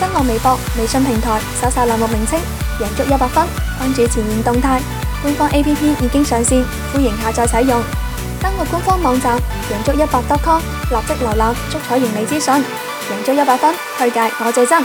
新浪微博微信平台搜索欄目名稱贏足一百分關注前沿動態官方 app 已經上線，歡迎下載使用，登錄官方網站贏足一百 .com 立即瀏覽足彩盈利資訊。贏足一百分推介我最真。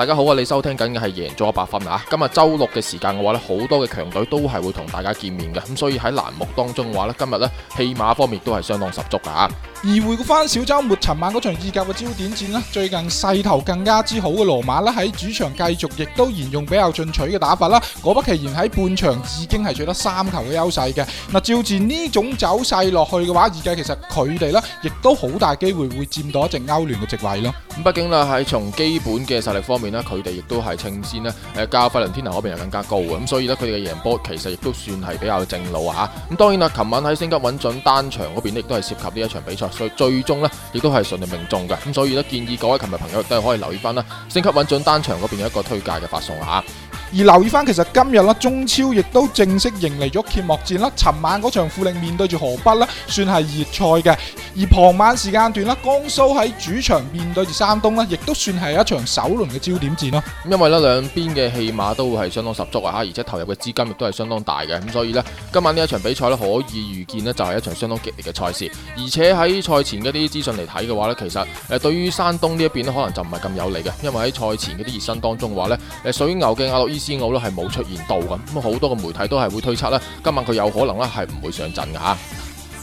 大家好啊！你收聽緊嘅係贏足 100FUN 啊！今日周六嘅時間嘅話咧，好多嘅強隊都係會同大家見面嘅，咁所以喺欄目當中嘅話咧，今日咧戲碼方面都係相當十足㗎！而回顧翻小周末尋晚嗰場意甲嘅焦點戰啦，最近勢頭更加之好嘅羅馬啦，喺主場繼續亦都沿用比較進取嘅打法啦，果不其然喺半場已經係取得三球嘅優勢嘅，嗱照住呢種走勢落去嘅話，預計其實佢哋呢亦都好大機會會佔到一隻歐聯嘅席位咯。咁畢竟啦，喺從基本嘅實力方面呢，佢哋亦都係稱先啦，誒加費倫天拿嗰邊又更加高嘅，咁所以呢，佢哋嘅贏波其實亦都算係比較正路吓。咁當然啦，尋晚喺升級穩準單場嗰邊亦都係涉及呢一場比賽。所以最終咧，亦都係順利命中嘅。咁所以咧，建議各位琴日朋友都係可以留意翻啦，升級揾準單場嗰邊有一個推介嘅發送啦嚇。而留意翻，其實今日啦，中超亦都正式迎嚟咗揭幕戰啦。尋晚嗰場富力面對住河北啦，算係熱賽嘅。而傍晚時間段啦，江蘇喺主場面對住山東，亦都算係一場首輪嘅焦點戰啦。因為呢兩邊嘅戲碼都係相當十足啊，而且投入嘅資金亦都係相當大嘅。咁所以呢，今晚呢一場比賽可以預見呢，就係一場相當激烈嘅賽事。而且喺賽前嗰啲資訊嚟睇嘅話呢，其實誒對於山東呢一邊，可能就唔係咁有利嘅，因為喺賽前嗰啲熱身當中話咧，水牛嘅阿洛伊斯奧啦係冇出現到咁，咁好多嘅媒體都係會推測咧，今晚佢有可能咧係唔會上陣㗎吓。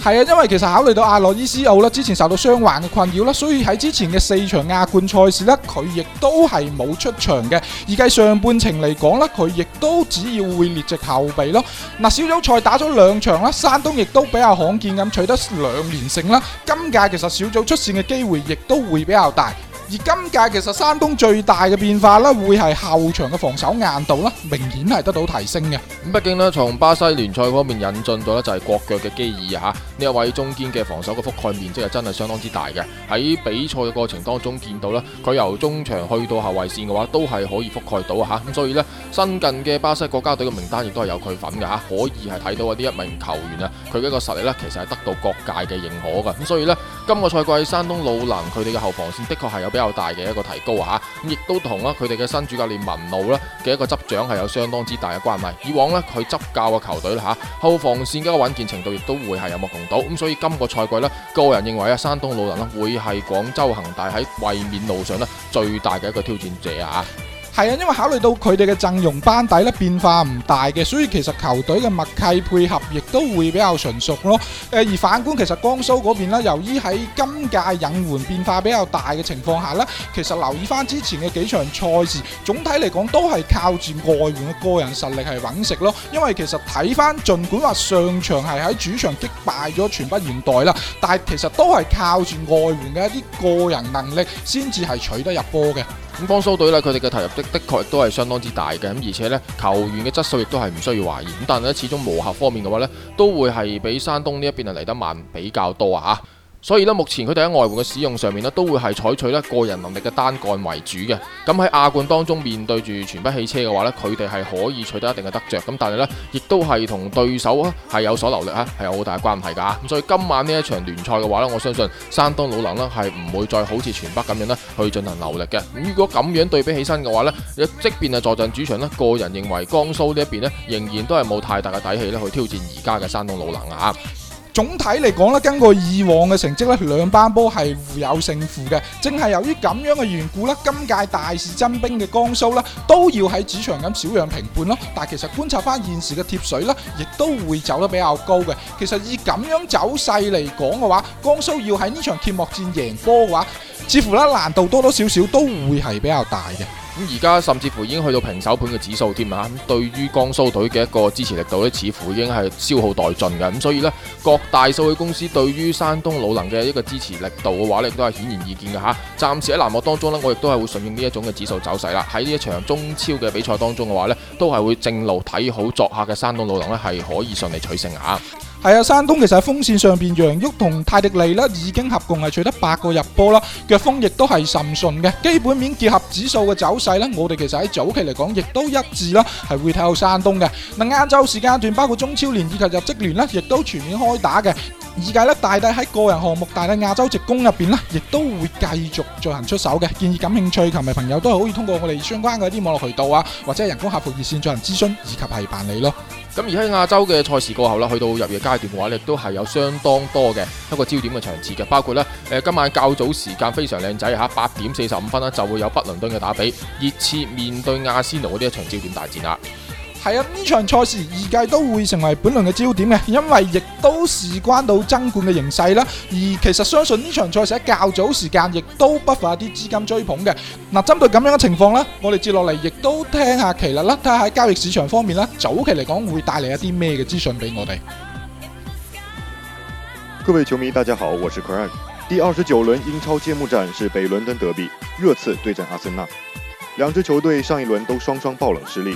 係啊，因為其實考慮到阿洛伊斯奧啦，之前受到傷患嘅困擾啦，所以喺之前嘅四場亞冠賽事咧，佢亦都係冇出場嘅。而計上半程嚟講咧，佢亦都只要會列席後備咯。嗱，小組賽打咗兩場啦，山東亦都比較罕見咁取得兩連勝啦。今屆其實小組出綫嘅機會亦都會比較大。而今屆其實山東最大嘅變化咧，會係後場嘅防守硬度啦，明顯係得到提升嘅。咁畢竟咧，從巴西聯賽方面引進咗咧，就係國腳嘅基爾啊吓，呢一位中堅嘅防守嘅覆蓋面積係真係相當之大嘅。喺比賽嘅過程當中見到咧，佢由中場去到後衛線嘅話，都係可以覆蓋到吓。咁所以咧，新近嘅巴西國家隊嘅名單亦都係有佢份嘅吓，可以係睇到啊呢一名球員啊，佢嘅一個實力咧，其實係得到各界嘅認可嘅。咁所以咧。今個賽季山東魯能佢哋嘅後防線的確係有比較大嘅一個提高啊，咁亦都同啦佢哋嘅新主教練文路啦嘅一個執掌係有相當之大嘅關係。以往呢，佢執教嘅球隊呢吓，後防線嘅穩健程度亦都會係有目共睹，咁所以今個賽季呢，個人認為啊山東魯能啦會係廣州恆大喺衛冕路上呢最大嘅一個挑戰者啊。係啊，因為考慮到佢哋嘅陣容班底咧變化唔大嘅，所以其實球隊嘅默契配合亦都會比較純熟咯。誒，而反觀其實江蘇嗰邊咧，由於喺今屆引援變化比較大嘅情況下咧，其實留意翻之前嘅幾場賽事，總體嚟講都係靠住外援嘅個人實力係揾食咯。因為其實睇翻，盡管話上場係喺主場擊敗咗全北現代啦，但係其實都係靠住外援嘅一啲個人能力先至係取得入波嘅。咁江蘇隊咧，佢哋嘅投入的的確都係相當之大嘅。咁而且咧球員嘅質素亦都係唔需要懷疑，咁但係咧始終磨合方面嘅話咧，都會係比山東呢一邊啊嚟得慢比較多啊吓。所以咧，目前佢哋喺外援嘅使用上面咧，都會係採取咧個人能力嘅單幹為主嘅。咁喺亞冠當中面對住全北汽車嘅話呢，佢哋係可以取得一定嘅得着。咁但係呢，亦都係同對手啊係有所留力啊，係有好大嘅關係噶。咁所以今晚呢一場聯賽嘅話咧，我相信山東魯能咧係唔會再好似全北咁樣咧去進行留力嘅。咁如果咁樣對比起身嘅話呢，即便係坐鎮主場呢，個人認為江蘇呢一邊咧仍然都係冇太大嘅底氣咧去挑戰而家嘅山東魯能啊。總體嚟講咧，根據以往嘅成績咧，兩班波係互有勝負嘅。正係由於咁樣嘅緣故啦，今屆大肆增兵嘅江蘇啦，都要喺主場咁小樣評判咁小讓平半咯。但係其實觀察翻現時嘅貼水啦，亦都會走得比較高嘅。其實以咁樣走勢嚟講嘅話，江蘇要喺呢場揭幕戰贏波嘅話，似乎咧難度多多少少都會係比較大嘅。咁而家甚至乎已經去到平手盤嘅指數添啊！對於江蘇隊嘅一個支持力度咧，似乎已經係消耗殆盡嘅。咁所以呢，各大數據公司對於山東魯能嘅一個支持力度嘅話咧，亦都係顯然易見嘅嚇。暫時喺藍幕當中咧，我亦都係會順應呢一種嘅指數走勢啦。喺呢一場中超嘅比賽當中嘅話咧，都係會正路睇好作客嘅山東魯能咧，係可以上嚟取勝啊！係啊，山東其實喺鋒線上邊，楊旭同泰迪尼呢已經合共係取得八個入波啦，腳風亦都係甚順嘅。基本面結合指數嘅走勢呢，我哋其實喺早期嚟講亦都一致啦，係會睇到山東嘅。嗱，晏晝時間段包括中超聯以及入職聯呢，亦都全面開打嘅。而家呢，大帝喺個人項目大帝亞洲直攻入邊呢，亦都會繼續進行出手嘅。建議感興趣球迷朋友都係可以通過我哋相關嘅一啲網絡渠道啊，或者人工客服熱線進行諮詢以及係辦理咯。咁而喺亞洲嘅賽事過後啦，去到入夜階段嘅話咧，亦都係有相當多嘅一個焦點嘅場次嘅，包括呢誒今晚較早時間非常靚仔嚇，八點四十五分呢就會有北倫敦嘅打比，熱刺面對阿仙奴嘅呢一場焦點大戰啦。係啊，呢場賽事預計都會成為本輪嘅焦點嘅，因為亦都事關到爭冠嘅形勢啦。而其實相信呢場賽事喺較早時間亦都不乏啲資金追捧嘅。嗱、啊，針對咁樣嘅情況呢，我哋接落嚟亦都聽下其實咧，睇下喺交易市場方面呢，早期嚟講會帶嚟一啲咩嘅資訊俾我哋。各位球迷，大家好，我是 Craig。第二十九輪英超揭幕戰是北倫敦德比，熱刺對戰阿森納，兩支球隊上一輪都雙雙爆冷失利。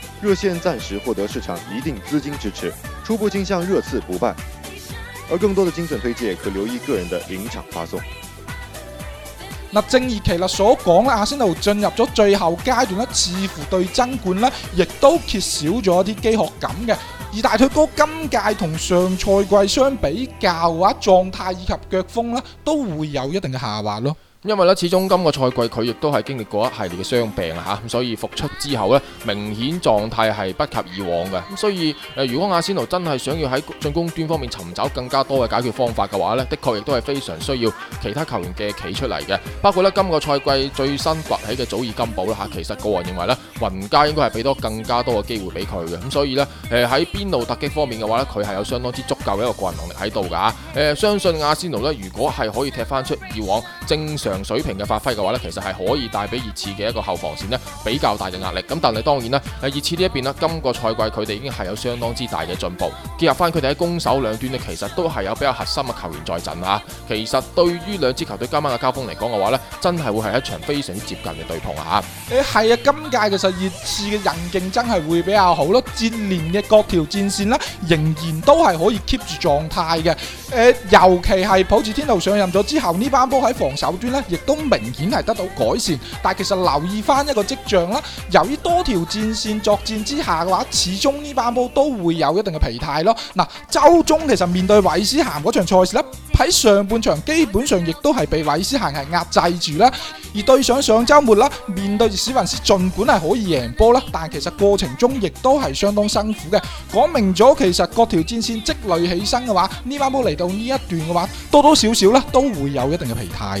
熱線暫時獲得市場一定資金支持，初步傾向熱刺不敗，而更多的精準推介可留意個人的臨場發送。嗱，正如奇勒所講啦，阿仙奴進入咗最後階段咧，似乎對爭冠咧亦都缺少咗一啲飢渴感嘅，而大腿哥今屆同上賽季相比較嘅話，啊，狀態以及腳風咧都會有一定嘅下滑咯。因為咧，始終今個賽季佢亦都係經歷過一系列嘅傷病吓、啊、咁，所以復出之後呢，明顯狀態係不及以往嘅。咁所以，誒、呃，如果阿仙奴真係想要喺進攻端方面尋找更加多嘅解決方法嘅話呢，的確亦都係非常需要其他球員嘅企出嚟嘅。包括呢今個賽季最新崛起嘅祖爾金寶啦，吓其實個人認為咧，雲加應該係俾多更加多嘅機會俾佢嘅。咁所以呢，誒，喺邊路突擊方面嘅話呢，佢係有相當之足夠嘅一個個人能力喺度噶吓。誒、呃，相信阿仙奴呢，如果係可以踢翻出以往。正常水平嘅發揮嘅話呢其實係可以帶俾熱刺嘅一個後防線呢比較大嘅壓力。咁但係當然啦，誒熱刺呢一邊啦，今個賽季佢哋已經係有相當之大嘅進步，結合翻佢哋喺攻守兩端呢，其實都係有比較核心嘅球員在陣啊。其實對於兩支球隊今晚嘅交鋒嚟講嘅話呢真係會係一場非常接近嘅對碰啊！誒係啊，今屆其實熱刺嘅人競爭係會比較好咯，接連嘅各條戰線呢，仍然都係可以 keep 住狀態嘅。誒尤其係普捷天奴上任咗之後，呢班波喺防手段咧，亦都明顯係得到改善。但其實留意翻一個跡象啦，由於多條戰線作戰之下嘅話，始終呢班波都會有一定嘅疲態咯。嗱、呃，週中其實面對韋斯咸嗰場賽事呢，喺上半場基本上亦都係被韋斯咸係壓制住啦。而對上上週末啦，面對住史雲斯，儘管係可以贏波啦，但其實過程中亦都係相當辛苦嘅。講明咗，其實各條戰線積累起身嘅話，呢班波嚟到呢一段嘅話，多多少少咧都會有一定嘅疲態。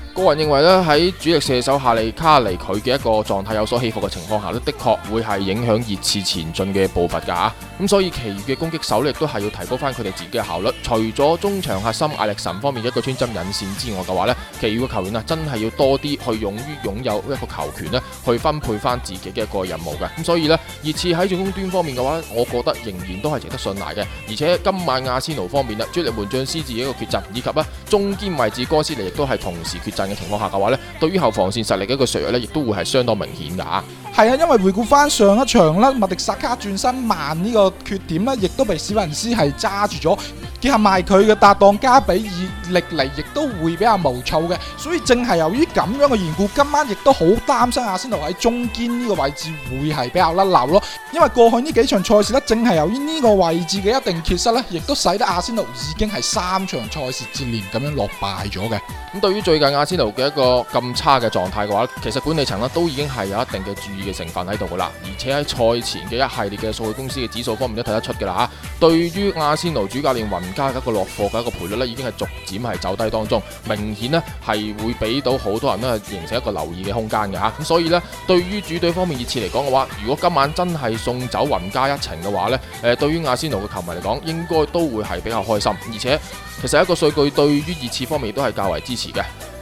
個人認為咧，喺主力射手夏利卡尼佢嘅一個狀態有所起伏嘅情況下呢，的確會係影響熱刺前進嘅步伐噶吓。咁所以其餘嘅攻擊手咧，亦都係要提高翻，佢哋自己嘅效率。除咗中場核心艾力神方面的一個穿針引線之外嘅話呢，其餘嘅球員啊，真係要多啲去勇於擁有一個球權咧，去分配翻自己嘅一個任務嘅。咁所以呢熱刺喺進攻端方面嘅話咧，我覺得仍然都係值得信賴嘅。而且今晚阿仙奴方面啊，主力門將私自己一個缺陣，以及啊，中堅位置哥斯尼亦都係同時缺陣。嘅情況下嘅話咧，對於後防線實力嘅一個削弱咧，亦都會係相當明顯噶吓。係啊，因為回顧翻上一場啦，麥迪薩卡轉身慢呢個缺點呢，亦都被史雲斯係揸住咗，結合埋佢嘅搭檔加比爾歷嚟，亦都會比較毛躁嘅。所以正係由於咁樣嘅緣故，今晚亦都好擔心阿仙奴喺中堅呢個位置會係比較甩漏咯。因為過去呢幾場賽事呢，正係由於呢個位置嘅一定缺失呢，亦都使得阿仙奴已經係三場賽事接連咁樣落敗咗嘅。咁對於最近阿仙奴嘅一個咁差嘅狀態嘅話，其實管理層呢，都已經係有一定嘅注意。嘅成分喺度噶啦，而且喺賽前嘅一系列嘅數據公司嘅指數方面都睇得出噶啦吓。對於阿仙奴主教練雲加嘅一個落貨嘅一個賠率呢，已經係逐漸係走低當中，明顯呢係會俾到好多人都係形成一個留意嘅空間嘅吓。咁所以呢，對於主隊方面熱刺嚟講嘅話，如果今晚真係送走雲加一程嘅話呢，誒，對於阿仙奴嘅球迷嚟講，應該都會係比較開心。而且，其實一個數據對於熱刺方面都係較為支持嘅。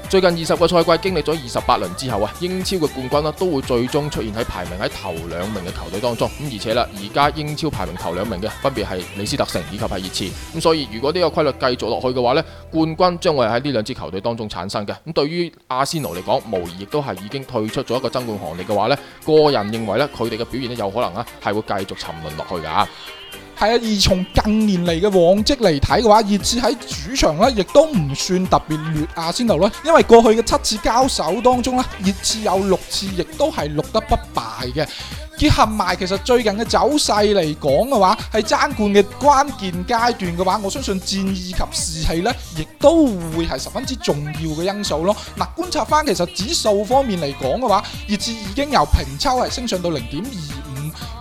最近二十個賽季經歷咗二十八輪之後啊，英超嘅冠軍咧都會最終出現喺排名喺頭兩名嘅球隊當中咁，而且啦，而家英超排名頭兩名嘅分別係李斯特城以及係熱刺咁，所以如果呢個規律繼續落去嘅話咧，冠軍將會喺呢兩支球隊當中產生嘅咁。對於阿仙奴嚟講，無疑亦都係已經退出咗一個爭冠行列嘅話咧，個人認為咧，佢哋嘅表現咧有可能啊係會繼續沉淪落去噶。係啊，而從近年嚟嘅往績嚟睇嘅話，熱刺喺主場咧，亦都唔算特別劣呀先頭啦。因為過去嘅七次交手當中咧，熱刺有六次亦都係錄得不敗嘅。結合埋其實最近嘅走勢嚟講嘅話，係爭冠嘅關鍵階段嘅話，我相信戰意及士氣咧，亦都會係十分之重要嘅因素咯。嗱、啊，觀察返其實指數方面嚟講嘅話，熱刺已經由平抽係升上到零點二。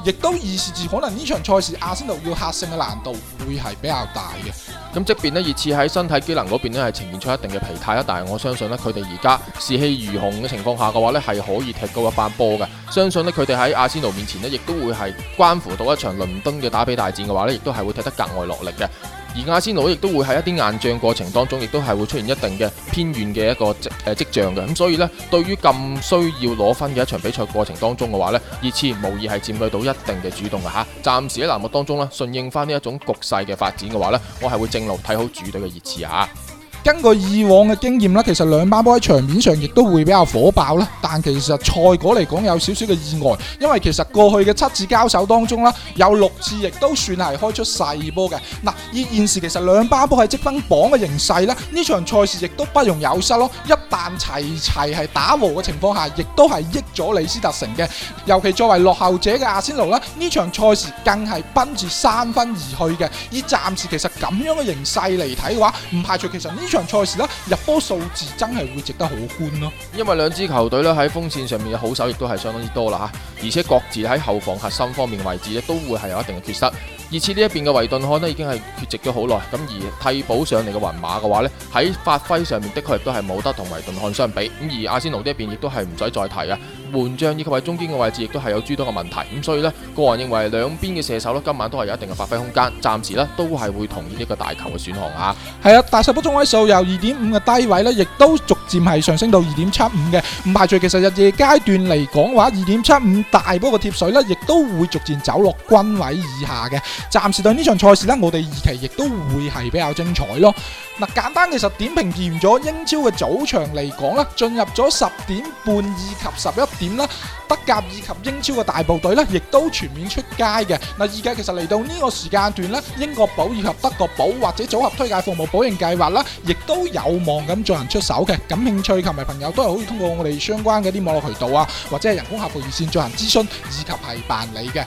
亦都意示住可能呢場賽事，阿仙奴要客勝嘅難度會係比較大嘅。咁即便呢，熱刺喺身體機能嗰邊呢，係呈現出一定嘅疲態啦，但係我相信呢，佢哋而家士氣如虹嘅情況下嘅話呢，係可以踢高一班波嘅。相信呢，佢哋喺阿仙奴面前呢，亦都會係關乎到一場倫敦嘅打比大戰嘅話呢，亦都係會踢得格外落力嘅。而亞仙奴亦都會喺一啲硬仗過程當中，亦都係會出現一定嘅偏遠嘅一個跡誒、呃、象嘅咁，所以呢，對於咁需要攞分嘅一場比賽過程當中嘅話呢，熱刺無疑係佔據到一定嘅主動啊！嚇，暫時喺藍幕當中，呢順應翻呢一種局勢嘅發展嘅話呢，我係會正路睇好主隊嘅熱刺嚇。根據以往嘅經驗呢其實兩班波喺場面上亦都會比較火爆啦，但其實賽果嚟講有少少嘅意外，因為其實過去嘅七次交手當中，有六次亦都算係開出細波嘅。嗱，而現時其實兩班波喺積分榜嘅形勢咧，呢場賽事亦都不容有失咯。一旦齊齊係打和嘅情況下，亦都係益咗李斯特城嘅。尤其作為落後者嘅阿仙奴啦，呢場賽事更係奔住三分而去嘅。以暫時其實咁樣嘅形勢嚟睇嘅話，唔排除其實呢場。賽事啦，入波數字真係會值得好觀咯。因為兩支球隊咧，喺鋒線上面嘅好手亦都係相當之多啦吓，而且各自喺後防核心方面嘅位置咧都會係有一定嘅缺失。而且呢一邊嘅維頓漢咧已經係缺席咗好耐，咁而替補上嚟嘅雲馬嘅話呢，喺發揮上面的確亦都係冇得同維頓漢相比。咁而阿仙奴呢一邊亦都係唔使再提啊。門將以及喺中間嘅位置，亦都係有諸多嘅問題。咁所以呢，個人認為兩邊嘅射手咧，今晚都係有一定嘅發揮空間。暫時呢都係會同意呢個大球嘅選項啊。係啊，大細波中位數由二點五嘅低位呢亦都逐漸係上升到二點七五嘅。唔排除其實日夜階段嚟講嘅話，二點七五大波嘅貼水呢亦都會逐漸走落均位以下嘅。暫時對呢場賽事呢，我哋二期亦都會係比較精彩咯。嗱，簡單嘅其實點評完咗英超嘅早場嚟講咧，進入咗十點半以及十一。點啦，德甲以及英超嘅大部隊咧，亦都全面出街嘅。嗱，而家其實嚟到呢個時間段咧，英國寶以及德國寶或者組合推介服務保盈計劃啦，亦都有望咁進行出手嘅。感興趣同埋朋友都係可以通過我哋相關嘅啲網絡渠道啊，或者係人工客服熱線進行諮詢以及係辦理嘅。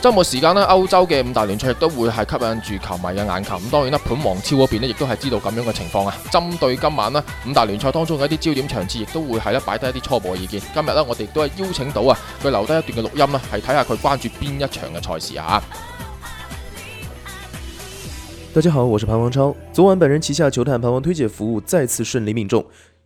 周末時間咧，歐洲嘅五大聯賽亦都會係吸引住球迷嘅眼球。咁當然咧，盤王超嗰邊咧，亦都係知道咁樣嘅情況啊。針對今晚咧五大聯賽當中嘅一啲焦點場次，亦都會係咧擺低一啲初步嘅意見。今日咧，我哋都係邀請到啊，佢留低一段嘅錄音啦，係睇下佢關注邊一場嘅賽事啊。大家好，我是盤王超。昨晚本人旗下球探盤王推介服務再次順利命中。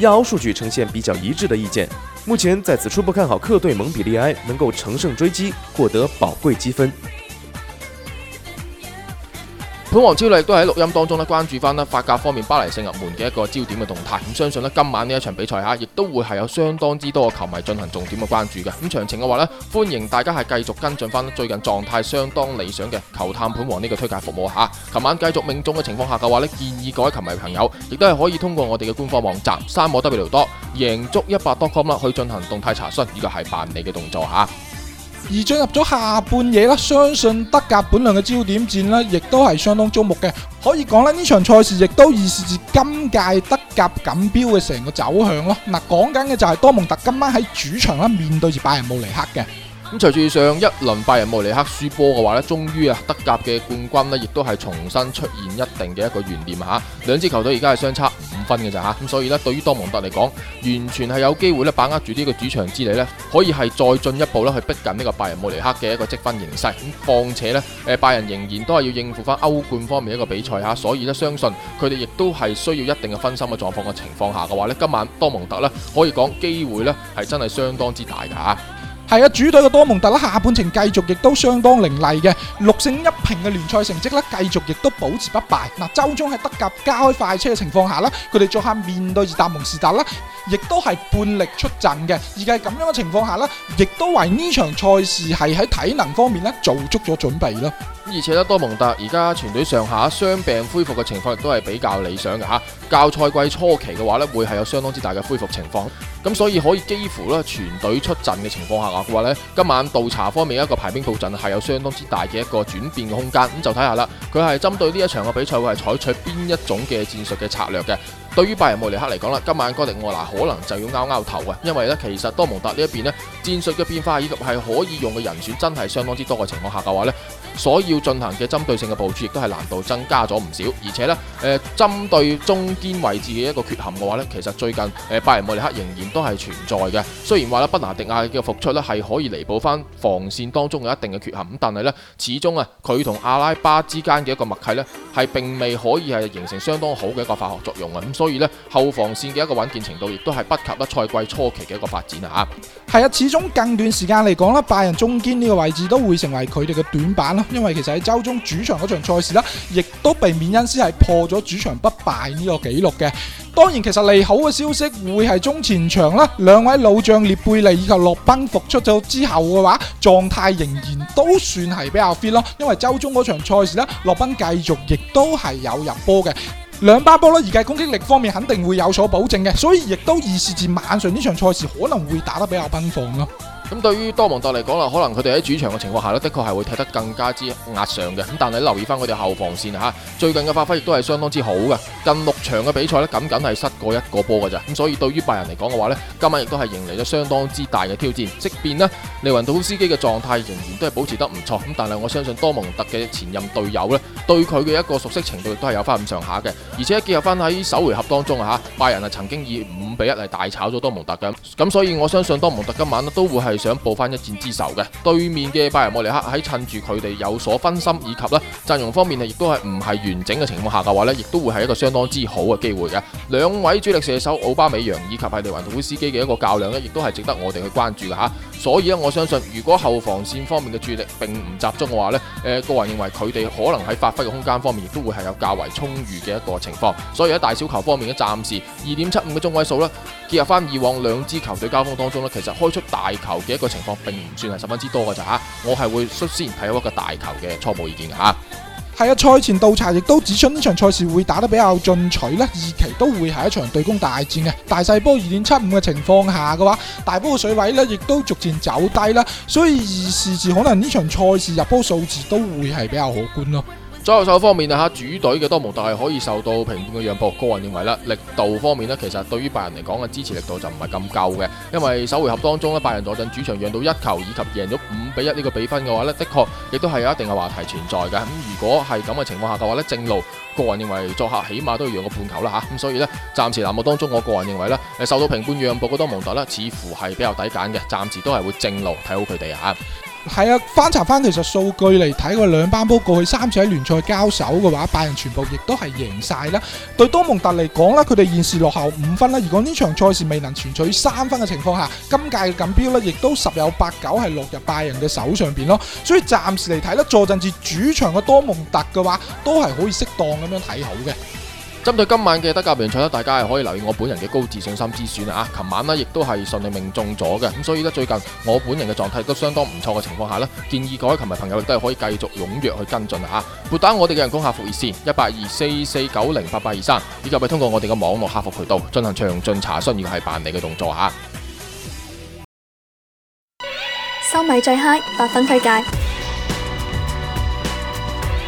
亞歐數據呈現比較一致的意見，目前在此初步看好客隊蒙彼利埃能夠乘勝追擊，獲得寶貴積分。盤王超力亦都喺錄音當中咧，關注翻咧法甲方面巴黎聖日門嘅一個焦點嘅動態。咁相信咧今晚呢一場比賽吓，亦都會係有相當之多嘅球迷進行重點嘅關注嘅。咁詳情嘅話咧，歡迎大家係繼續跟進翻最近狀態相當理想嘅球探盤王呢個推介服務吓。琴晚繼續命中嘅情況下嘅話咧，建議各位球迷朋友亦都係可以通過我哋嘅官方網站三 W 多贏足一百多 com 啦，去進行動態查詢，呢個係辦理嘅動作吓。而進入咗下半夜啦，相信德甲本輪嘅焦點戰咧，亦都係相當矚目嘅。可以講咧，呢場賽事亦都預示住今屆德甲錦標嘅成個走向咯。嗱，講緊嘅就係多蒙特今晚喺主場啦，面對住拜仁慕尼黑嘅。咁隨住上一輪拜仁慕尼黑輸波嘅話呢，終於啊，德甲嘅冠軍呢亦都係重新出現一定嘅一個懸念吓。兩支球隊而家係相差五分嘅咋吓，咁所以呢，對於多蒙特嚟講，完全係有機會咧，把握住呢個主場之利呢可以係再進一步咧，去逼近呢個拜仁慕尼黑嘅一個積分形勢。咁況且呢，誒，拜仁仍然都係要應付返歐冠方面一個比賽吓，所以呢，相信佢哋亦都係需要一定嘅分心嘅狀況嘅情況下嘅話呢，今晚多蒙特呢可以講機會呢係真係相當之大㗎吓。係啊，主隊嘅多蒙特啦，下半程繼續亦都相當凌厲嘅，六勝一平嘅聯賽成績啦，繼續亦都保持不敗。嗱，周中喺德甲加開快車嘅情況下啦，佢哋作客面對住達蒙士達啦，亦都係半力出陣嘅，而喺咁樣嘅情況下啦，亦都為呢場賽事係喺體能方面咧做足咗準備啦。而且咧，多蒙特而家全隊上下傷病恢復嘅情況亦都係比較理想嘅吓，較賽季初期嘅話咧，會係有相當之大嘅恢復情況。咁所以可以幾乎咧全隊出陣嘅情況下嘅話呢，今晚倒查方面一個排兵布陣係有相當之大嘅一個轉變嘅空間。咁就睇下啦，佢係針對呢一場嘅比賽會係採取邊一種嘅戰術嘅策略嘅。對於拜仁慕尼黑嚟講啦，今晚哥迪奧拿可能就要拗拗頭嘅，因為呢其實多蒙特呢一邊呢戰術嘅變化以及係可以用嘅人選真係相當之多嘅情況下嘅話呢。所要進行嘅針對性嘅部署，亦都係難度增加咗唔少。而且呢，誒針對中堅位置嘅一個缺陷嘅話呢，其實最近誒拜仁慕尼黑仍然都係存在嘅。雖然話呢，不拿迪亞嘅復出呢係可以彌補翻防線當中有一定嘅缺陷，但係呢，始終啊，佢同阿拉巴之間嘅一個默契呢係並未可以係形成相當好嘅一個化學作用啊。咁所以呢，後防線嘅一個穩健程度，亦都係不及一賽季初期嘅一個發展啊。係啊，始終近段時間嚟講呢，拜仁中堅呢個位置都會成為佢哋嘅短板咯。因為其實喺周中主場嗰場賽事啦，亦都被免恩師係破咗主場不敗呢個紀錄嘅。當然，其實利好嘅消息會係中前場啦，兩位老將列貝利以及洛賓復出咗之後嘅話，狀態仍然都算係比較 fit 咯。因為周中嗰場賽事呢，洛賓繼續亦都係有入波嘅，兩巴波啦，而家攻擊力方面肯定會有所保證嘅，所以亦都預示住晚上呢場賽事可能會打得比較奔放咯。咁對於多蒙特嚟講啦，可能佢哋喺主場嘅情況下呢的確係會踢得更加之壓上嘅。咁但係留意翻佢哋後防線啊，最近嘅發揮亦都係相當之好嘅。近六場嘅比賽呢，咁僅僅係失過一個波㗎咋。咁所以對於拜仁嚟講嘅話呢，今晚亦都係迎嚟咗相當之大嘅挑戰。即便呢，利雲多夫斯基嘅狀態仍然都係保持得唔錯，咁但係我相信多蒙特嘅前任隊友呢，對佢嘅一個熟悉程度亦都係有翻咁上下嘅。而且結合翻喺首回合當中啊，拜仁啊曾經以五比一嚟大炒咗多蒙特嘅。咁所以我相信多蒙特今晚呢都會係。想報翻一箭之仇嘅，對面嘅拜仁慕尼黑喺趁住佢哋有所分心以及呢陣容方面呢亦都係唔係完整嘅情況下嘅話呢亦都會係一個相當之好嘅機會嘅。兩位主力射手奧巴美揚以及萊萬多夫斯基嘅一個較量呢亦都係值得我哋去關注嘅吓。所以咧，我相信如果後防線方面嘅注意力並唔集中嘅話咧，誒，個人認為佢哋可能喺發揮嘅空間方面亦都會係有較為充裕嘅一個情況。所以喺大小球方面嘅暫時二點七五嘅中位數咧，結合翻以往兩支球隊交鋒當中咧，其實開出大球嘅一個情況並唔算係十分之多嘅咋吓，我係會率先睇到一個大球嘅初步意見吓。係啊，賽前倒查亦都指出呢場賽事會打得比較進取，呢二期都會係一場對攻大戰嘅大細波二點七五嘅情況下嘅話，大波嘅水位咧亦都逐漸走低啦，所以二時時可能呢場賽事入波數字都會係比較可觀咯。左右手方面啊，主隊嘅多蒙特係可以受到平半嘅讓步，個人認為啦，力度方面其實對於拜仁嚟講嘅支持力度就唔係咁夠嘅，因為首回合當中拜仁坐鎮主場讓到一球以及贏咗五比一呢個比分嘅話呢，的確亦都係有一定嘅話題存在嘅。咁如果係咁嘅情況下嘅話呢，正路個人認為作客起碼都要讓個半球啦，吓咁所以呢，暫時欄目當中，我個人認為受到平半讓步嘅多蒙特呢，似乎係比較抵揀嘅，暫時都係會正路睇好佢哋啊。係啊，翻查翻其實數據嚟睇，個兩班波過去三次喺聯賽交手嘅話，拜仁全部亦都係贏晒啦。對多蒙特嚟講呢，佢哋現時落後五分啦。如果呢場賽事未能全取三分嘅情況下，今屆嘅錦標呢亦都十有八九係落入拜仁嘅手上邊咯。所以暫時嚟睇呢，坐鎮住主場嘅多蒙特嘅話，都係可以適當咁樣睇好嘅。針對今晚嘅德甲比賽，大家係可以留意我本人嘅高自信心之選啊！琴晚呢亦都係順利命中咗嘅，咁所以呢，最近我本人嘅狀態都相當唔錯嘅情況下呢，建議各位球迷朋友亦都係可以繼續踴躍去跟進啊！撥打我哋嘅人工客服熱線一八二四四九零八八二三，以及係通過我哋嘅網絡客服渠道進行詳盡查詢與係辦理嘅動作吓。收米最嗨，i g 百分推介。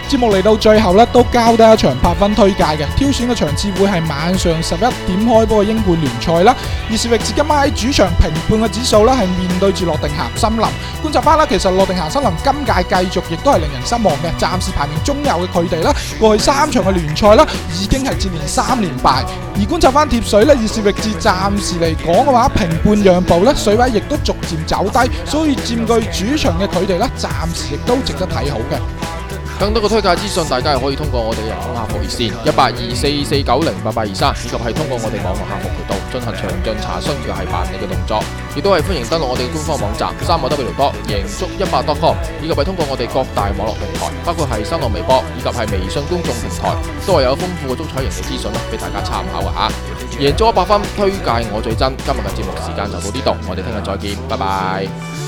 節目嚟到最後咧，都交低一場拍分推介嘅，挑選嘅場次會係晚上十一點開波嘅英冠聯賽啦。而是域智今晚喺主場平判嘅指數咧，係面對住諾定咸森林。觀察翻啦，其實諾定咸森林今屆繼續亦都係令人失望嘅，暫時排名中游嘅佢哋啦，過去三場嘅聯賽啦，已經係接連三連敗。而觀察翻貼水咧，而是域智暫時嚟講嘅話，平判讓步咧，水位亦都逐漸走低，所以佔據主場嘅佢哋咧，暫時亦都值得睇好嘅。更多嘅推介資訊，大家係可以通過我哋嘅人工客服熱線一八二四四九零八八二三，124, 490, 823，以及係通過我哋網絡客服渠道進行詳盡查詢，又係辦理嘅動作，亦都係歡迎登錄我哋嘅官方網站三個 W 點贏足一百點 com 以及係通過我哋各大網絡平台，包括係新浪微博以及係微信公眾平台，都係有豐富嘅足彩贏嘅資訊啦，俾大家參考一下吓。贏足一百 FUN，推介我最真。今日嘅節目時間就到呢度，我哋聽日再見，拜拜。